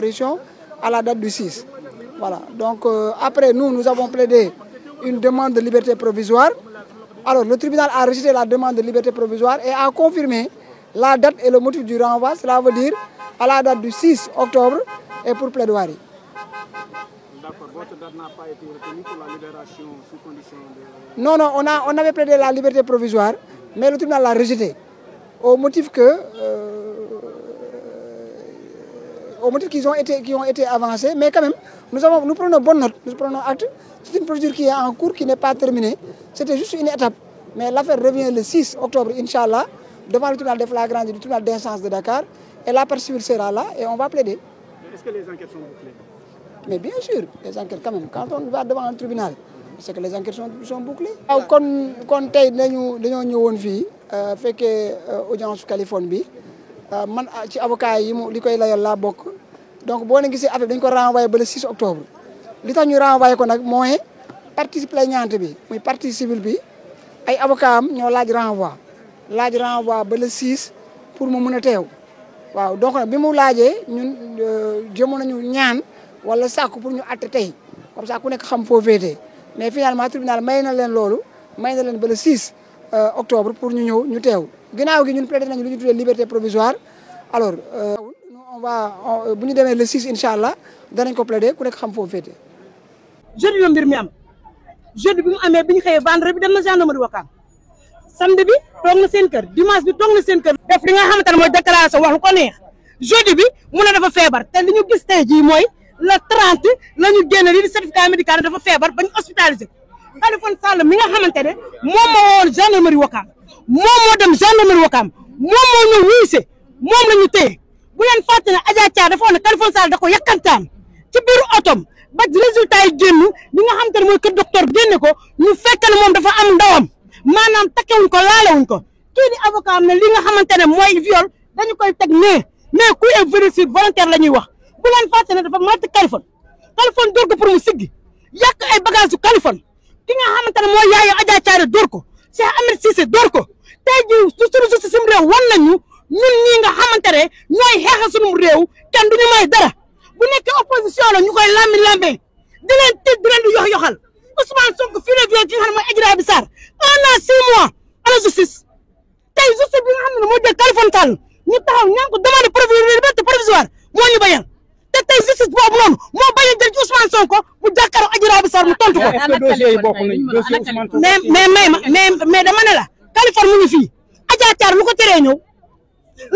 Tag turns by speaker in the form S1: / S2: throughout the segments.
S1: comparution à la date du 6. Voilà. Donc euh, après, nous, nous avons plaidé une demande de liberté provisoire. Alors le tribunal a rejeté la demande de liberté provisoire et a confirmé la date et le motif du renvoi. Cela veut dire à la date du 6 octobre et pour plaidoirie. Non, non, on, a, avait plaidé la liberté provisoire, mais le tribunal l'a rejeté au motif que... Euh, au qui ont été avancés mais quand même nous avons nous prenons bonne note nous prenons acte c'est une procédure qui est en cours qui n'est pas terminée c'était juste une étape mais l'affaire revient le 6 octobre inchallah devant le tribunal des flagrants de Dakar et la partie sera là et on va plaider mais bien sûr les enquêtes quand on va devant un tribunal c'est que les enquêtes sont bouclées. waaw kon kon tey dañu dañoo ñëwoon fii euh, fekkee euh, audience Californie bi. Euh, man ah, ci avocat yi mu li koy layal laa bokk donc boo leen gisee affaire bi dañ ko renvoyé ba le 6 octobre li tax ñu renvoyé ko nag mooy partie plaignante bi muy partie civile bi ay avocat ñoo laaj renvoi laaj renvoi ba le 6 pour mu mun a teew waaw donc bi mu laajee ñun euh, na ñu ñaan wala sàkku pour ñu atte tey comme ça ku nekk xam foo féetee mais finalement tribunal may na leen loolu may na leen ba le 6 euh, octobre pour ñu ñëw ñu teew ginnaaw gi ñun plaidé nañu lu ñu tuddee liberté provisoire alors euh, on va euh, bu ñu demee le 6 incha allah danañ ko plaidé ku nekk xam foofu féete. jeudi la mbir mi am jeudi bi mu amee bi ñu xëyee vendredi bi dem na gendarmerie Wakaam samedi bi toog
S2: na seen kër dimanche bi toog seen kër. def li nga xamante ne mooy déclaration wax lu ko neex jeudi bi mu ne dafa feebar te li ñu gis tey jii mooy la 30 la ñu génne li di certificat médical dafa feebar ba ñu hospitalisé. Alioune Sall mi nga xamante ne moom moo woon gendarmerie Wakaam moom moo dem gendarmerie Wakaam moom moo ñu wuuse moom la ñu téye bu leen fàtte ne dafa woon ne Alioune Sall da ko yàkkantaan ci biiru otom ba résultat yi génn li mooy kër docteur génne ko ñu fekk dafa am ndawam maanaam ko ko kii di avocat am li nga xamante ne mooy viol dañu koy teg nee mais coup et homicide volontaire la ñuy wax bu leen dafa màtt Kaliphone Kaliphone dóor ko pour mu siggi yàq ay bagages su ki nga xamante ne mooy yaayu Adja Thiaré dóor ko Cheikh Ahmed Cissé dóor ko tey jii suñu justice suñu ñun ñii nga xamante ne ñooy xeexa suñu réew kenn duñu dara bu nekkee opposition la ñu koy lammi lammee di leen tiit di leen di yox yoxal Ousmane Sonko fii la violé ki nga xam ne mooy Adji Raby Sarr un an six mois à la justice tey justice bi nga xam ne moo jël ñu taxaw te tey justice boobu noonu moo bañ a jël ci Ousmane Sonko mu jàkkaaroo Adji Raby Sarr mu ko. mais mais mais mais mais dama la Kaliphone mu ngi fii Adja teree ñëw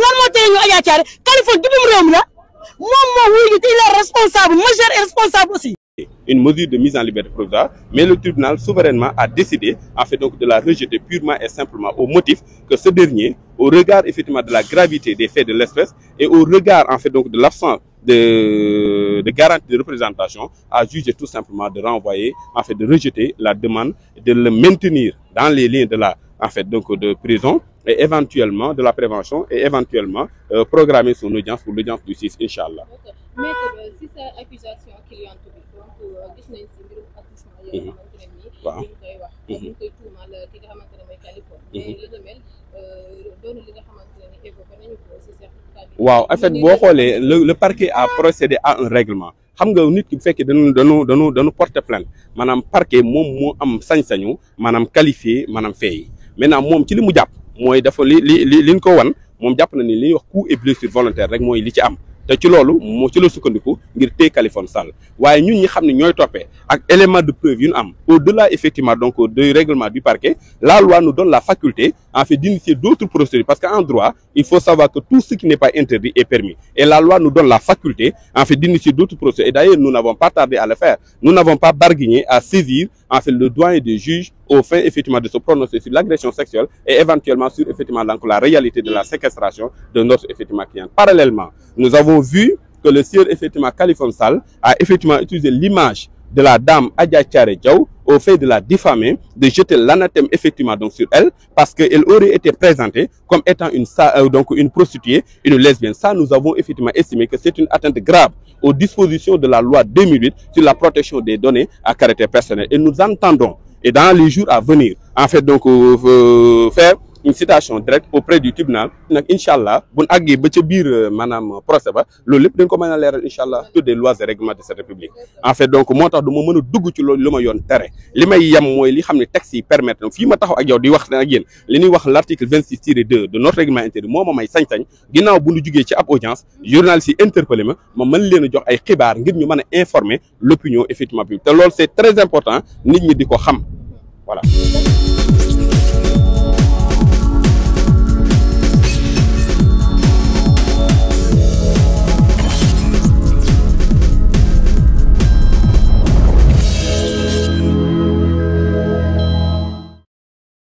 S2: lan teree ñëw Adja Thiar Kaliphone jubum réew mi la moom moo wuyu te il est responsable majeur et responsable aussi.
S3: une mesure de mise en liberté provisoire mais le tribunal souverainement a décidé en fait donc de la rejeter purement et simplement au motif que ce dernier la gravité de l'espèce et au regard en fait de, de garantie de représentation a jugé tout simplement de renvoyer, en fait de rejeter la demande, de le maintenir dans les liens de la en fait, donc prison et éventuellement de la prévention et éventuellement euh, programmer son audience pour l'audience du 6, Inch'Allah.
S2: ñu mhm. koy tuumal eh, ki nga xamante ne mooy Californie mhm. la mel
S3: euh, doon li nga waaw en boo xoolee le parquet a ah! procédé à un règlement xam nga nit ki bu fekkee dañu dañu dañu dañu porter plainte maanaam parquet moom mu am sañ-sañu maanaam qualifié maanaam feeyi maintenant moom ci li mu jàpp mooy dafa li li li li liñ ko wan moom jàpp na ni li ñuy wax coup et blessure volontaire rek mooy li ci am te ci loolu mm. moo ci la sukkandiku ngir téye Khalifa Sall waaye ñun ñi xam ne ñooy toppee ak élément de preuve yu ñu am au-delà effectivement donc du règlement du parquet la loi nous donne la faculté en fait d'initier d'autres procédures parce que en droit il faut savoir que tout ce qui n'est pas interdit est permis. Et la loi nous donne la faculté, en fait, d'initier d'autres procès. Et d'ailleurs, nous n'avons pas tardé à le faire. Nous n'avons pas barguigné à saisir, en le doigt et des au fait, effectivement, de se prononcer sur l'agression sexuelle et éventuellement sur, effectivement, donc, la réalité de la séquestration de notre, effectivement, client. Parallèlement, nous avons vu que le sieur, effectivement, de la dame Adja Thiaré Diaw au fait de la diffamer, de jeter l'anathème effectivement donc sur elle, parce qu'elle aurait été présentée comme étant une, euh, donc une prostituée, une lesbienne. Ça, nous avons effectivement estimé que c'est une atteinte grave aux dispositions de la loi 2008 sur la protection des données à caractère personnel. Et nous entendons, dans les jours à venir, en fait, donc, euh, euh, faire une citation directe auprès du tribunal nag incha allah bu àggee ba ca biir euh, maanaam euh, procès ba loolu lépp dañ ko mën a leeral incha allah toutes les lois et règlements de cette république en fait donc moo tax du ma mën a dugg ci loolu li ma yoon tere li may yem mooy li xam ne texte si permettre na fii ma taxaw ak yow di wax ak yéen li ñuy wax l' article vingt six tiré deux de notre règlement intérieur moo ma may sañ-sañ ginnaaw bu ñu jugee ci ab audience journaliste yi interpellé leen a jox ay xibaar ngir ñu mën a informer l' opinion effectivement publique te loolu c' est très nit ñi di ko xam voilà